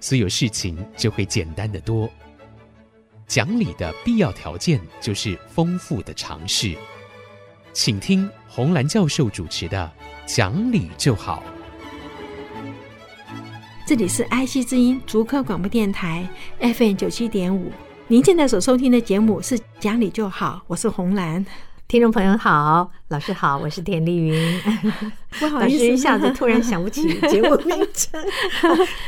所有事情就會簡單得多。講理的必要條件就是豐富的常識。請聽洪蘭教授主持的《講理就好》。這裡是 IC 之音逐客廣播電台 FM 九七點五，您現在所收聽的節目是《講理就好》，我是洪蘭，聽眾朋友好。老師好，我是田麗雲，不好意思，一下子突然想不起節目名稱，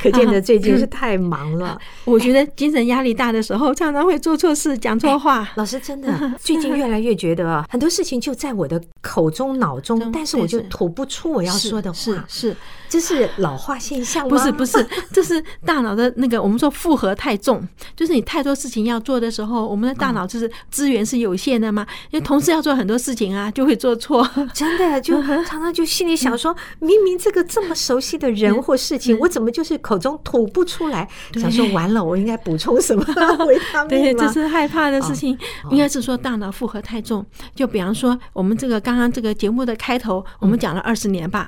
可見得最近就是太忙了。我覺得精神壓力大的時候，欸、常常會做錯事、講錯話、欸。老師真的，最近越來越覺得很多事情就在我的口中、腦中， 但是我就吐不出我要說的話。是是，是，這是老化現象嗎？不是不是，這是大腦的那個我們說負荷太重， 就是你太多事情要做的時候，我們的大腦就是資源是有限的嘛。嗯嗯，因為同時要做很多事情啊，就會做。做錯，真的就常常就心裡想說，明明這個這麼熟悉的人或事情，我怎麼就是口中吐不出來？想說完了，我應該補充什麼？ 對，這是害怕的事情。應該是說大腦負荷太重。就比方說，我們這個剛剛這個節目的開頭，我們講了二十年吧。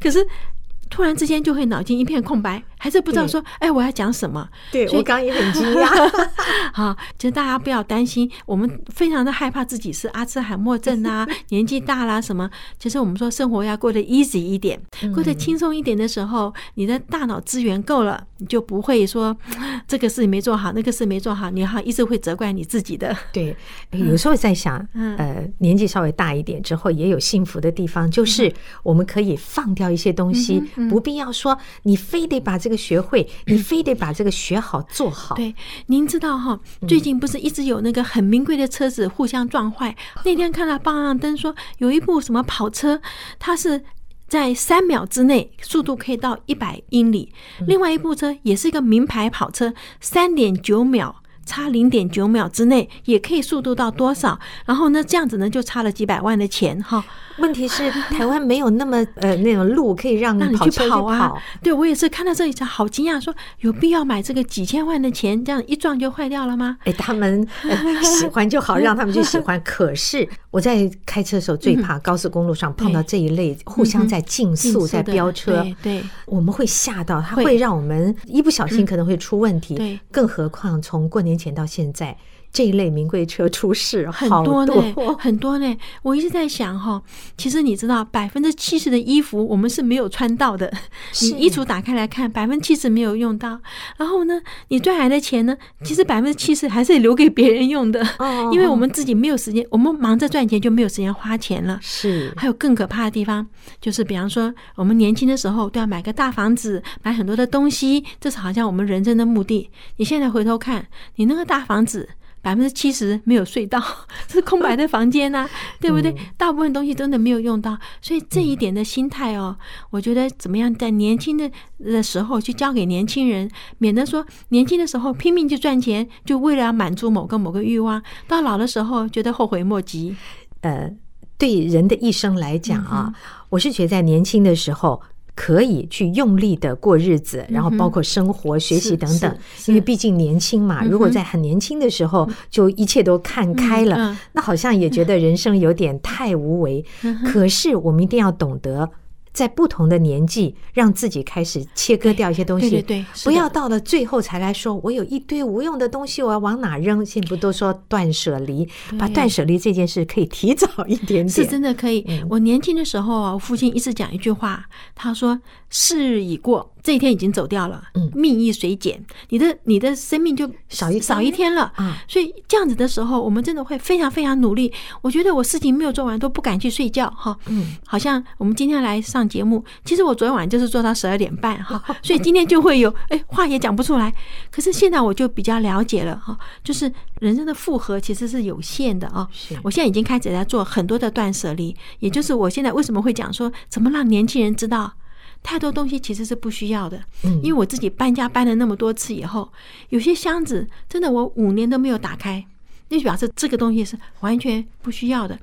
可是。突然之間就會腦筋一片空白，還是不知道說，哎對、欸，我要講什麼？對，以我剛也很驚訝。哈， 其、就、實、是、大家不要擔心，我們非常的害怕自己是阿茲海默症啊， 年紀大啦什麼。其、就、實、是、我們說生活要過得 easy 一點，過得輕鬆一點的時候，嗯、你的大腦資源夠了，你就不會說。這個事沒做好，那個事沒做好，你哈一直會責怪你自己的。對，有時候在想，嗯嗯、呃，年紀稍微大一點之後，也有幸福的地方，就是我們可以放掉一些東西，嗯嗯，不必要說你非得把這個學會，嗯、你非得把這個學好做好。對，您知道哈，最近不是一直有那個很名貴的車子互相撞壞？嗯、那天看到報上登說，有一部什麼跑車，它是。在三秒之內，速度可以到一百英里。另外一部車也是一個名牌跑車，三點九秒。差零點九秒之內也可以速度到多少？嗯嗯、然後呢，這樣子呢就差了幾百萬的錢哈。問題是台灣沒有那麼呃那種路可以讓你，跑去，跑讓你去跑啊。對，我也是看到這裡才好驚訝，說有必要買這個幾千萬的錢，這樣一撞就壞掉了嗎？哎，他們、呃、喜歡就好，讓他們去喜歡。嗯、可是我在開車的時候最怕高速公路上碰到這一類互相在競速、嗯、競速在飆車，對，對我們會嚇到，他對會讓我們一不小心可能會出問題。嗯、對更何況從過年。年前到現在。這一類名貴車出事好多，很多呢，很多呢。我一直在想哈，其實你知道，百分之七十的衣服我們是沒有穿到的，是你衣櫥打開來看，百分之七十沒有用到。然後呢，你賺來的錢呢，其實百分之七十還是留給別人用的，哦、因為我們自己沒有時間，我們忙着賺錢就沒有時間花錢了。是，還有更可怕的地方，就是比方說，我們年輕的時候都要買個大房子，買很多的東西，這是好像我們人生的目的。你現在回頭看，你那個大房子。百分之七十沒有睡到， 是空白的房間吶、啊， 對不對？大部分東西真的沒有用到，所以這一點的心態哦，我覺得怎麼樣在年輕的的時候去教給年輕人，免得說年輕的時候拼命去賺錢，就為了要滿足某個某個慾望，到老的時候覺得後悔莫及。呃，對人的一生來講啊，嗯、哼我是覺得在年輕的時候。可以去用力的過日子，然後包括生活、嗯、哼學習等等，因為畢竟年輕嘛。嗯、哼如果在很年輕的時候就一切都看開了，嗯、那好像也覺得人生有點太無為。嗯、哼可是我們一定要懂得。在不同的年紀，讓自己開始切割掉一些東西，對對不要到了最後才來說，我有一堆無用的東西，我要往哪扔？現在不都說斷捨離，把斷捨離這件事可以提早一點點，是真的可以。我年輕的時候，我父親一直講一句話，他說：“事已過。”這一天已經走掉了，命亦隨減，嗯、你的你的生命就少一少一天了。啊、嗯。嗯、所以這樣子的時候，我們真的會非常非常努力。啊、我覺得我事情沒有做完都不敢去睡覺哈。嗯，好像我們今天來上節目，其實我昨天晚上就是做到十二點半哈，嗯、所以今天就會有 哎話也講不出來。可是現在我就比較了解了哈，就是人生的負荷其實是有限的啊。是我現在已經開始在做很多的斷捨離，也就是我現在為什麼會講說怎麼讓年輕人知道。太多東西其實是不需要的，因為我自己搬家搬了那麼多次以後，有些箱子真的我五年都沒有打開，那就表示這個東西是完全不需要的。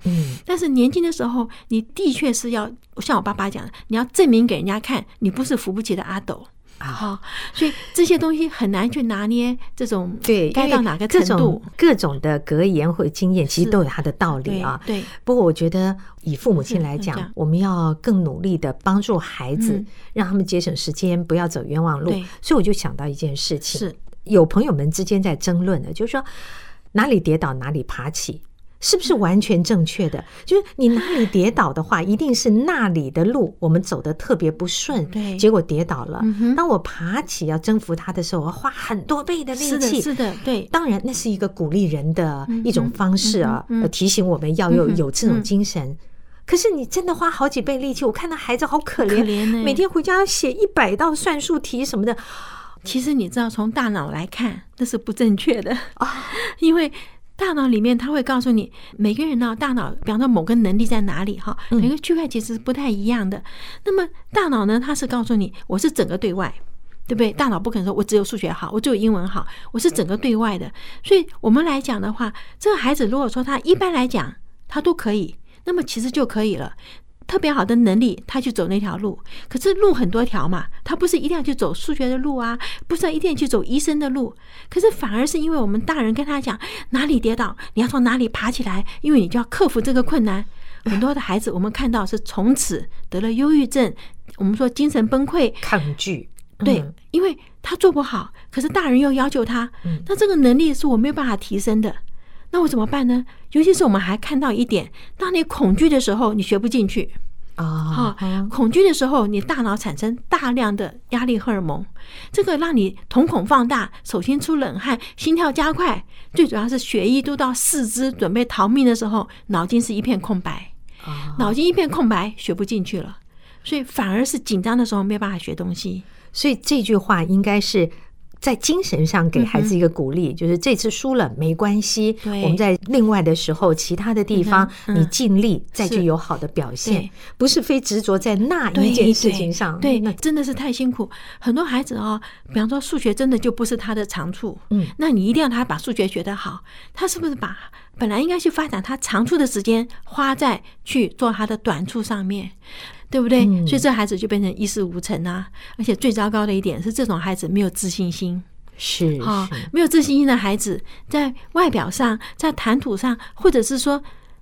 但是年輕的時候，你的確是要像我爸爸講的，你要證明給人家看，你不是扶不起的阿斗。好、哦，所以這些東西很難去拿捏，這種對該到哪個程度？各種各種的格言或經驗，其實都有它的道理啊。對。對，不過我覺得，以父母親來講，我們要更努力的幫助孩子，嗯、讓他們節省時間，不要走冤枉路。對所以我就想到一件事情：是，有朋友們之間在爭論的，就是說哪裡跌倒哪裡爬起。是不是完全正確的？就是你哪裡跌倒的話，一定是那裡的路 我們走得特別不順，對，結果跌倒了。嗯、哼當我爬起要征服它的時候，我花很多倍的力氣，是的，對。當然，那是一個鼓勵人的一種方式啊，提醒我們要有有這種精神。嗯嗯嗯、可是，你真的花好幾倍力氣，我看到孩子好可憐，可憐欸、每天回家要寫一百道算術題什麼的。其實你知道，從大腦來看，那是不正確的啊，因為。大腦裡面，它會告訴你每個人呢，大腦比方說某個能力在哪裡哈，每個區塊其實是不太一樣的。嗯。那麼大腦呢，它是告訴你我是整個對外，對不對？大腦不可能說我只有數學好，我只有英文好，我是整個對外的。所以，我們來講的話，這個孩子如果說他一般來講他都可以，那麼其實就可以了。特別好的能力，他去走那條路，可是路很多條嘛，他不是一定要去走數學的路啊，不是一定要去走醫生的路，可是反而是因為我們大人跟他講哪裡跌倒，你要從哪裡爬起來，因為你就要克服這個困難。很多的孩子，我們看到是從此得了憂鬱症，我們說精神崩潰，抗拒，對，因為他做不好，可是大人又要求他，那這個能力是我沒有辦法提升的。那我怎麼辦呢？尤其是我們還看到一點：當你恐懼的時候，你學不進去、oh, yeah. 啊！恐懼的時候，你大腦產生大量的壓力荷爾蒙，這個讓你瞳孔放大，手心出冷汗，心跳加快，最主要是血液都到四肢準備逃命的時候，腦筋是一片空白，oh. 腦筋一片空白，學不進去了。所以反而是緊張的時候沒辦法學東西。所以這句話應該是。在精神上給孩子一個鼓勵，嗯嗯，就是這次輸了沒關係。對我們在另外的時候，其他的地方你盡力再去有好的表現，嗯嗯、是不是非執着在那一件事情上。對，對對，那真的是太辛苦。很多孩子哦，比方說數學真的就不是他的長處。嗯，那你一定要他把數學學得好，他是不是把本來應該去發展他長處的時間花在去做他的短處上面？對不對？嗯、所以這孩子就變成一事無成啊！而且最糟糕的一點是，這種孩子沒有自信心，是啊是、哦，沒有自信心的孩子，在外表上、在談吐上，或者是說。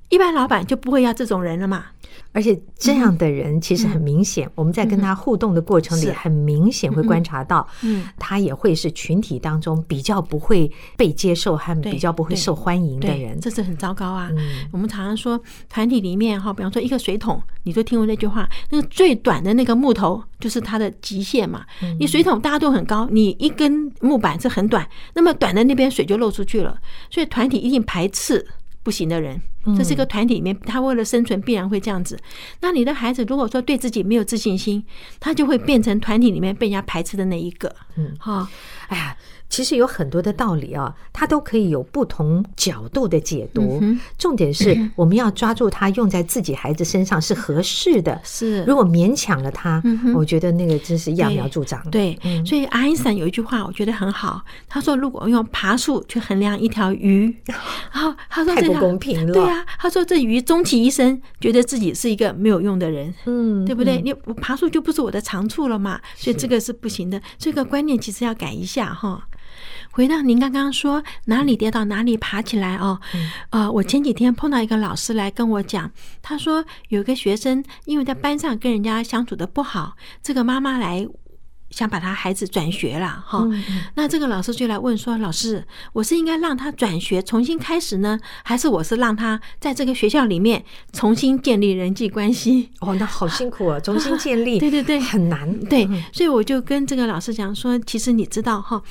一般老闆就不會要這種人了嘛。而且這樣的人其實很明顯，我們在跟他互動的過程裡很明顯會觀察到，嗯，他也會是群體當中比較不會被接受，還比較不會受歡迎的人。對對對，這是很糟糕啊！嗯、我們常常說，團體裡面哈、喔，比方說一個水桶，你就聽過那句話，那個最短的那個木頭就是它的極限嘛。你水桶大家都很高，你一根木板是很短，那麼短的那邊水就漏出去了。所以團體一定排斥不行的人。這是一個團體裡面，他為了生存必然會這樣子。那你的孩子如果說對自己沒有自信心，他就會變成團體裡面被人家排斥的那一個。嗯，哈，哎呀，其實有很多的道理啊、哦，他都可以有不同角度的解讀。嗯、哼重點是我們要抓住他用在自己孩子身上是合適的。嗯、是，如果勉強了他，嗯、哼我覺得那個真是揠苗助長對。對，嗯、所以愛因斯坦有一句話，我覺得很好。他、嗯、說：“如果用爬樹去衡量一條魚，嗯、然後他說這太不公平了。對啊”對呀。他說：“這魚終其一生，覺得自己是一個沒有用的人，嗯，對不對？嗯、你爬樹就不是我的長處了嘛，是所以這個是不行的。這個觀念其實要改一下哈。回到您剛剛說，哪裡跌倒哪裡爬起來哦。啊、嗯呃，我前幾天碰到一個老師來跟我講，他說有個學生因為在班上跟人家相處的不好，這個媽媽來。”想把他孩子轉學了哈，嗯、那這個老師就來問說：“嗯、老師，我是應該讓他轉學重新開始呢，還是我是讓他在這個學校裡面重新建立人際關係？”哦，那好辛苦啊，啊重新建立，啊、對對對，很難。對，所以我就跟這個老師講說：“其實你知道哈，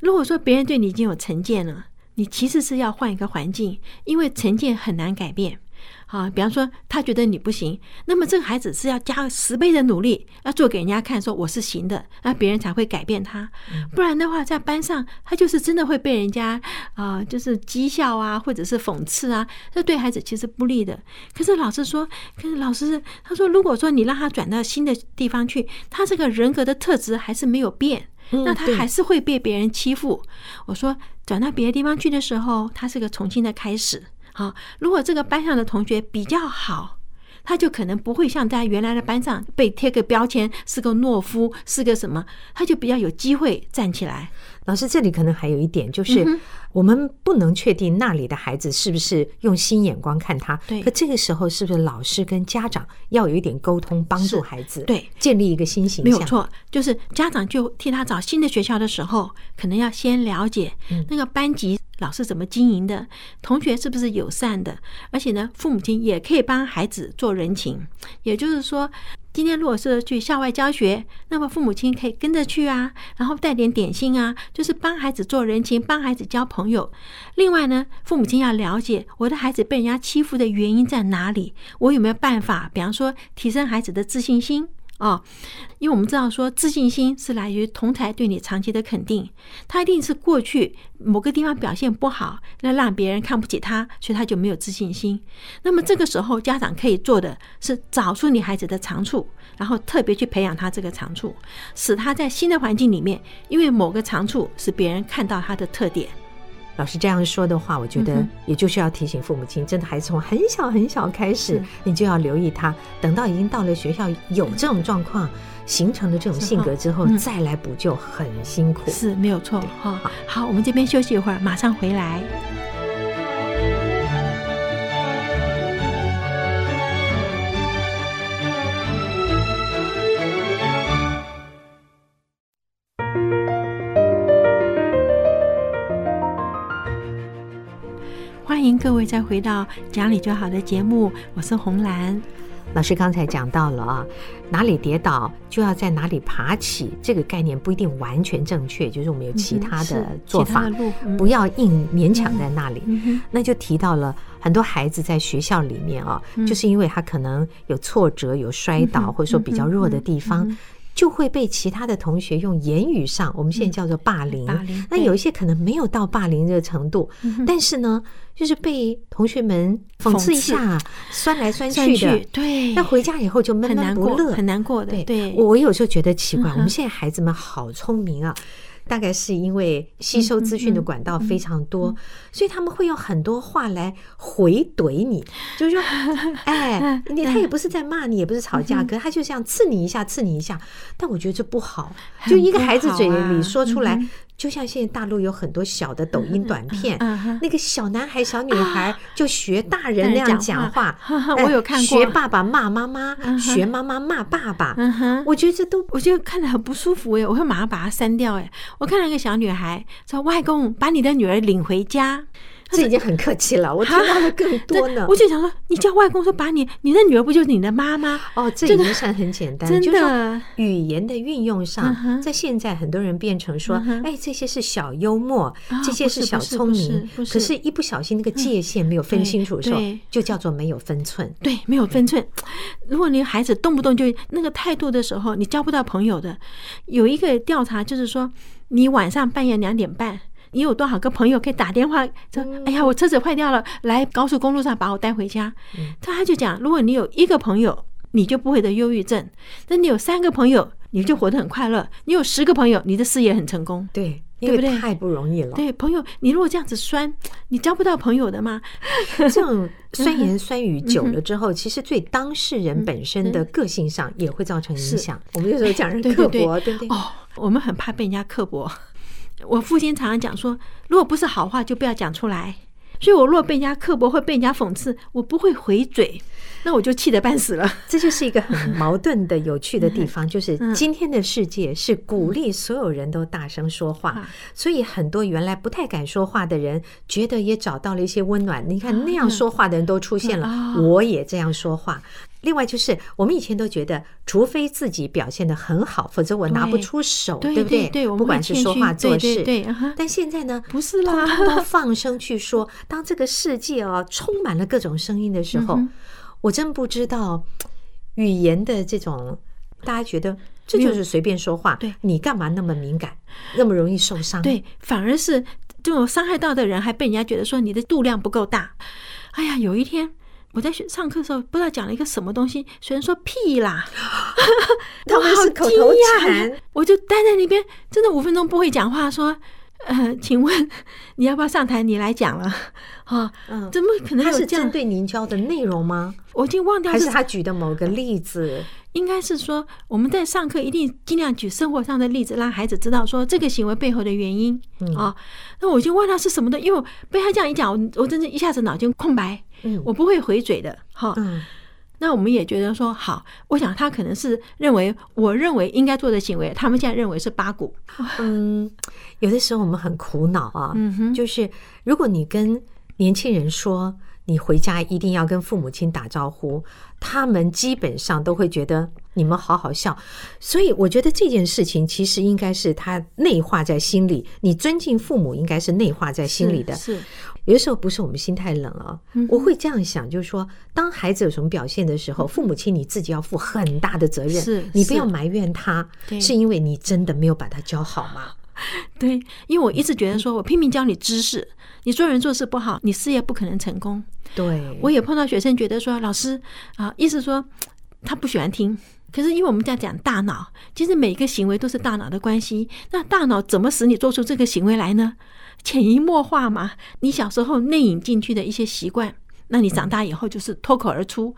如果說別人對你已經有成見了，你其實是要換一個環境，因為成見很難改變。”啊，比方說，他覺得你不行，那麼這個孩子是要加十倍的努力，要做給人家看，說我是行的，那別人才會改變他。不然的話，在班上，他就是真的會被人家啊、呃，就是譏笑啊，或者是諷刺啊，這對孩子其實不利的。可是老師說，可是老師他說，如果說你讓他轉到新的地方去，他這個人格的特質還是沒有變，那他還是會被別人欺負。嗯、我說，轉到別的地方去的時候，他是個重新的開始。好，如果這個班上的同學比較好，他就可能不會像在原來的班上被貼個標籤，是個懦夫，是個什麼，他就比較有機會站起來。老師，這裡可能還有一點就是，我們不能確定那裡的孩子是不是用新眼光看他。對。可這個時候，是不是老師跟家長要有一點溝通，幫助孩子對建立一個新形象？沒有錯，就是家長就替他找新的學校的時候，可能要先了解那個班級。嗯老師怎麼經營的？同學是不是友善的？而且呢，父母親也可以幫孩子做人情。也就是說，今天如果是去校外教學，那麼父母親可以跟着去啊，然後帶點點心啊，就是幫孩子做人情，幫孩子交朋友。另外呢，父母親要了解我的孩子被人家欺負的原因在哪裡，我有沒有辦法？比方說，提升孩子的自信心。啊、哦，因為我們知道說，自信心是來自於同儕對你長期的肯定。他一定是過去某個地方表現不好，那讓別人看不起他，所以他就沒有自信心。那麼這個時候，家長可以做的是找出你孩子的長處，然後特別去培養他這個長處，使他在新的環境裡面，因為某個長處使別人看到他的特點。老師這樣說的話，我覺得也就是要提醒父母親，嗯、哼真的，還是從很小很小開始，是你就要留意他。等到已經到了學校有這種狀況、嗯、形成的這種性格之後，嗯、再來補救很辛苦，是沒有錯哈。好，我們這邊休息一會兒，馬上回來。各位再回到講理就好的節目，我是洪蘭老師。剛才講到了啊，哪裡跌倒就要在哪裡爬起，這個概念不一定完全正確，就是我們有其他的做法，嗯、不要硬、嗯、勉強在那裡。嗯嗯、那就提到了很多孩子在學校裡面啊，嗯、哼就是因為他可能有挫折、有摔倒，嗯、哼或者說比較弱的地方。嗯就會被其他的同學用言語上，我們現在叫做霸凌。那有一些可能沒有到霸凌這個程度，但是呢，就是被同學們諷刺一下，酸來酸去的。對，那回家以後就悶悶不樂，很難過的。對，我有時候覺得奇怪，我們現在孩子們好聰明啊。大概是因為吸收資訊的管道非常多，所以他們會用很多話來回懟你，就是說，哎，你他也不是在罵你，也不是吵架，可他就這樣刺你一下，刺你一下。但我覺得這不好，就一個孩子嘴裡說出來。就像現在大陸有很多小的抖音短片，嗯嗯嗯嗯、那個小男孩、小女孩、啊、就學大人那樣講話，我有看過，學爸爸罵媽媽，嗯、學媽媽罵爸爸。嗯嗯、我覺得這都我覺得看着很不舒服哎、欸，我會馬上把它刪掉哎、欸。嗯、我看到一個小女孩說：“外公，把你的女兒領回家。”這已經很客氣了，我聽到的更多呢。我就想說，你叫外公說把你，你的女兒不就是你的媽媽？哦，這已經算很簡單。真的，語言的運用上，在現在很多人變成說，哎，這些是小幽默，這些是小聰明。可是，一不小心那個界限沒有分清楚的時候，對，就叫做沒有分寸。對，沒有分寸。如果你孩子動不動就那個態度的時候，你交不到朋友的。有一個調查就是說，你晚上半夜兩點半。你有多少個朋友可以打電話？說：“哎呀，我車子壞掉了，來高速公路上把我帶回家。嗯”他他就講：“如果你有一個朋友，你就不會得憂鬱症；那、嗯、你有三個朋友，你就活得很快樂；嗯、你有十個朋友，你的事業很成功。”對，對不對？因為太不容易了。對，朋友，你如果這樣子酸，你交不到朋友的嗎？ 這種酸言酸語久了之後， 嗯嗯、其實對當事人本身的個性上也會造成影響。對對對我們有時候講人刻薄，對，對，對，對不對？哦，我們很怕被人家刻薄。我父親常常講說，如果不是好話，就不要講出來。所以，我若被人家刻薄，會被人家諷刺，我不會回嘴。那我就氣得半死了。這就是一個很矛盾的有趣的地方，就是今天的世界是鼓勵所有人都大聲說話，所以很多原來不太敢說話的人，覺得也找到了一些溫暖。你看那樣說話的人都出現了，我也這樣說話。另外就是我們以前都覺得，除非自己表現得很好，否則我拿不出手，對不對？不管是說話做事，對。但現在呢，不是啦，都放聲去說。當這個世界啊、哦、充滿了各種聲音的時候。我真不知道語言的這種，大家覺得這就是隨便說話，嗯、對，你幹嘛那麼敏感，那麼容易受傷？對，反而是這種傷害到的人，還被人家覺得說你的度量不夠大。哎呀，有一天我在上課的時候，不知道講了一個什麼東西，學生說屁啦，哦、 他們是口頭禪， 我好驚訝， 我就待在那邊，真的五分鐘不會講話，說。呃，請問你要不要上臺？你來講了，哈，嗯，怎麼可能他是這樣對您教的內容嗎？我已經忘掉，還是他舉的某個例子？應該是說我們在上課一定盡量舉生活上的例子，讓孩子知道說這個行為背後的原因，啊、嗯哦，那我就忘掉是什麼的，因為被他這樣一講，我、嗯、我真的一下子腦筋空白，嗯，我不會回嘴的，哈、哦，嗯。那我們也覺得說好，我想他可能是認為我認為應該做的行為，他們現在認為是八股。嗯，有的時候我們很苦惱啊，嗯哼，就是如果你跟年輕人說。你回家一定要跟父母親打招呼，他們基本上都會覺得你們好好笑，所以我覺得這件事情其實應該是他內化在心裡。你尊敬父母，應該是內化在心裡的。是，是有的時候不是我們心太冷了，哦，嗯、我會這樣想，就是說，當孩子有什麼表現的時候，嗯、父母親你自己要負很大的責任，是是你不要埋怨他，對是因為你真的沒有把他教好嗎？對，因為我一直覺得說，我拼命教你知識。嗯你做人做事不好，你事業不可能成功。對，我也碰到學生覺得說，老師啊，意思說他不喜歡聽。可是因為我們在講大腦，其實每一個行為都是大腦的關係。那大腦怎麼使你做出這個行為來呢？潛移默化嘛，你小時候內隱進去的一些習慣，那你長大以後就是脫口而出。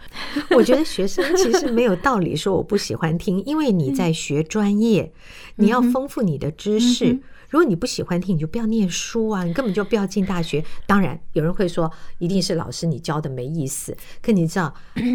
我覺得學生其實沒有道理說我不喜歡聽，因為你在學專業，你要豐富你的知識。 嗯如果你不喜歡聽，你就不要念書啊！你根本就不要進大學。當然，有人會說，一定是老師你教的沒意思。可你知道，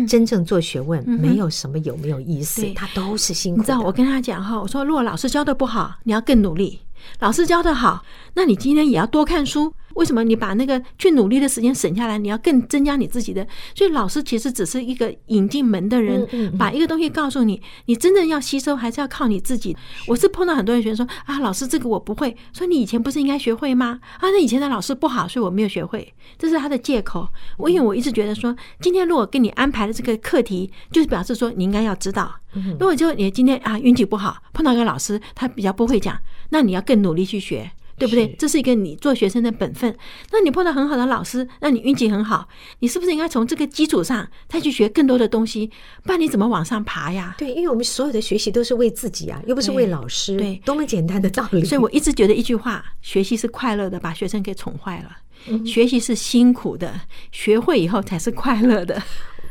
真正做學問沒有什麼有沒有意思，他、嗯、都是辛苦的。你知道我跟他講哈，我說如果老師教的不好，你要更努力。老師教得好，那你今天也要多看書。為什麼你把那個去努力的時間省下來，你要更增加你自己的？所以老師其實只是一個引進門的人，嗯嗯嗯把一個東西告訴你，你真正要吸收還是要靠你自己。我是碰到很多人學生說啊，老師這個我不會，說你以前不是應該學會嗎？啊，那以前的老師不好，所以我沒有學會，這是他的借口。我因為我一直覺得說，今天如果給你安排的這個課題，就是表示說你應該要知道。如果就你今天啊運氣不好，碰到一個老師，他比較不會講，那你要更努力去學，對不對？是，這是一個你做學生的本分。那你碰到很好的老師，那你運氣很好，你是不是應該從這個基礎上再去學更多的東西？不然你怎麼往上爬呀？對，因為我們所有的學習都是為自己啊，又不是為老師。對，對多麼簡單的道理。所以我一直覺得一句話：學習是快樂的，把學生給寵壞了；嗯哼。學習是辛苦的，學會以後才是快樂的。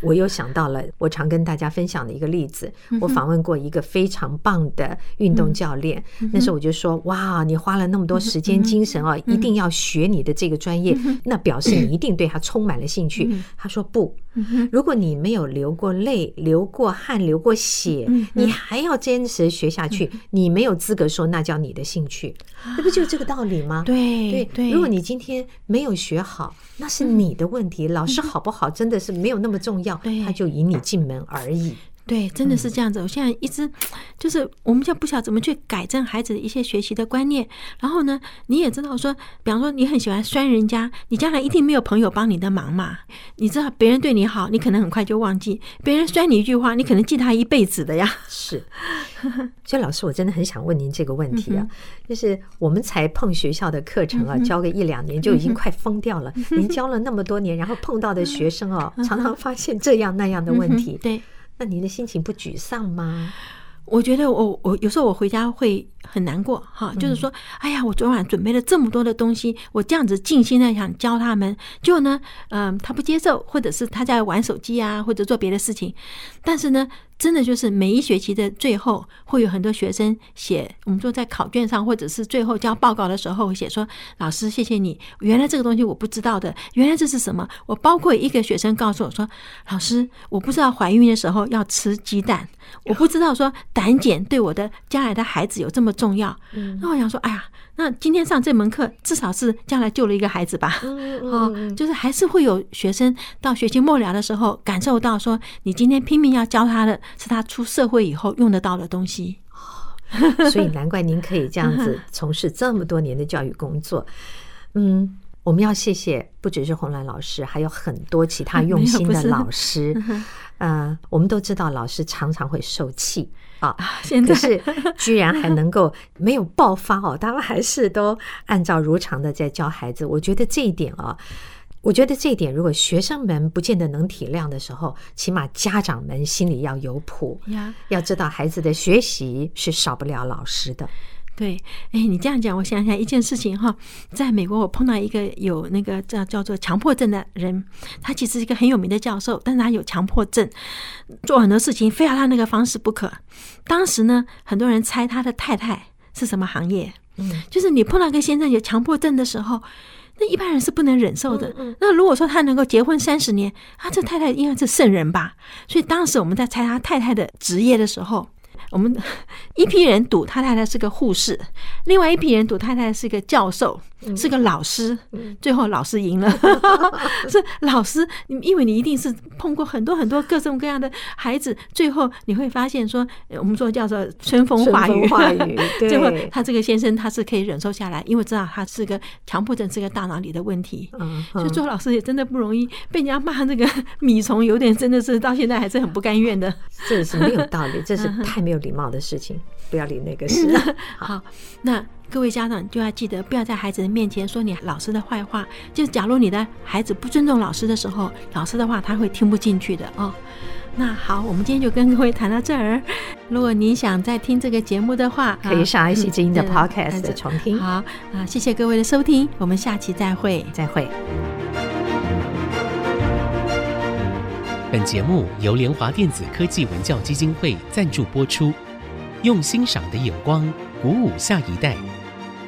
我又想到了我常跟大家分享的一個例子，我訪問過一個非常棒的運動教練，那時候我就說：“哇，你花了那麼多時間、精神哦，一定要學你的這個專業，那表示你一定對他充滿了興趣。”他說：“不，如果你沒有流過淚、流過汗、流過血，你還要堅持學下去，你沒有資格說那叫你的興趣。”那、啊、不就這個道理嗎？對對對，如果你今天沒有學好，那是你的問題。嗯、老師好不好，真的是沒有那麼重要，嗯、哼他就引你進門而已。對，真的是這樣子。我現在一直就是，我們就不曉得怎麼去改正孩子的一些學習的觀念。然後呢，你也知道說，比方說你很喜歡酸人家，你將來一定沒有朋友幫你的忙嘛。你知道別人對你好，你可能很快就忘記；別人酸你一句話，你可能記他一輩子的呀。 是，所以老師，我真的很想問您這個問題啊，就是我們才碰學校的課程啊，教個一兩年就已經快瘋掉了。您教了那麼多年，然後碰到的學生哦、喔，常常發現這樣那樣的問題。 嗯、對。那你的心情不沮喪嗎？我覺得我我有時候我回家會，很難過哈，就是說，哎呀，我昨晚準備了這麼多的東西，我這樣子盡心的想教他們，結果呢，嗯、呃，他不接受，或者是他在玩手機啊，或者做別的事情。但是呢，真的就是每一學期的最後，會有很多學生寫，我們說在考卷上，或者是最後交報告的時候寫說，老師謝謝你，原來這個東西我不知道的，原來這是什麼？我包括一個學生告訴我說，老師，我不知道懷孕的時候要吃雞蛋，我不知道說膽鹼對我的將來的孩子有這麼。重要，那我想說，哎呀，那今天上這門課，至少是將來救了一個孩子吧。嗯嗯、哦，就是還是會有學生到學期末了的時候，感受到說，你今天拼命要教他的是他出社會以後用得到的東西。所以難怪您可以這樣子從事這麼多年的教育工作，嗯。我們要謝謝不只是洪蘭老師，還有很多其他用心的老師。嗯，我們都知道老師常常會受氣啊，現在 可是居然還能夠沒有爆發哦，他們還是都按照如常的在教孩子。我覺得這一點啊、哦，我覺得這一點，如果學生們不見得能體諒的時候，起碼家長們心裡要有譜，現在 要知道孩子的學習是少不了老師的。對，哎，你這樣講，我想想一件事情哈，在美國我碰到一個有那個叫叫做強迫症的人，他其實是一個很有名的教授，但是他有強迫症，做很多事情非要他那個方式不可。當時呢，很多人猜他的太太是什麼行業，就是你碰到一個先生有強迫症的時候，那一般人是不能忍受的。那如果說他能夠結婚三十年，他，這太太應該是聖人吧？所以當時我們在猜他太太的職業的時候。我們一批人賭他太太是個護士，另外一批人賭太太是個教授，是個老師，最後老師贏了， 是老師。因為你一定是碰過很多很多各種各樣的孩子，最後你會發現說，我們說叫做春風化雨。化雨，對。最後他這個先生他是可以忍受下來，因為知道他是個強迫症，是個大腦裡的問題。嗯哼。所以做老師也真的不容易，被人家罵那個米蟲，有點真的是到現在還是很不甘願的、哦。這是沒有道理，這是太沒有禮貌的事情，嗯、哼不要理那個事。好、嗯，那。好那各位家長就要記得，不要在孩子的面前說你老師的壞話。就假如你的孩子不尊重老師的時候，老師的話他會聽不進去的哦。那好，我們今天就跟各位談到這兒。如果你想再聽這個節目的話，啊、可以上 IC 之音的 Podcast 重聽、嗯。好啊，謝謝各位的收聽，我們下期再會。再會。本節目由聯華電子科技文教基金會贊助播出，用欣賞的眼光鼓舞下一代。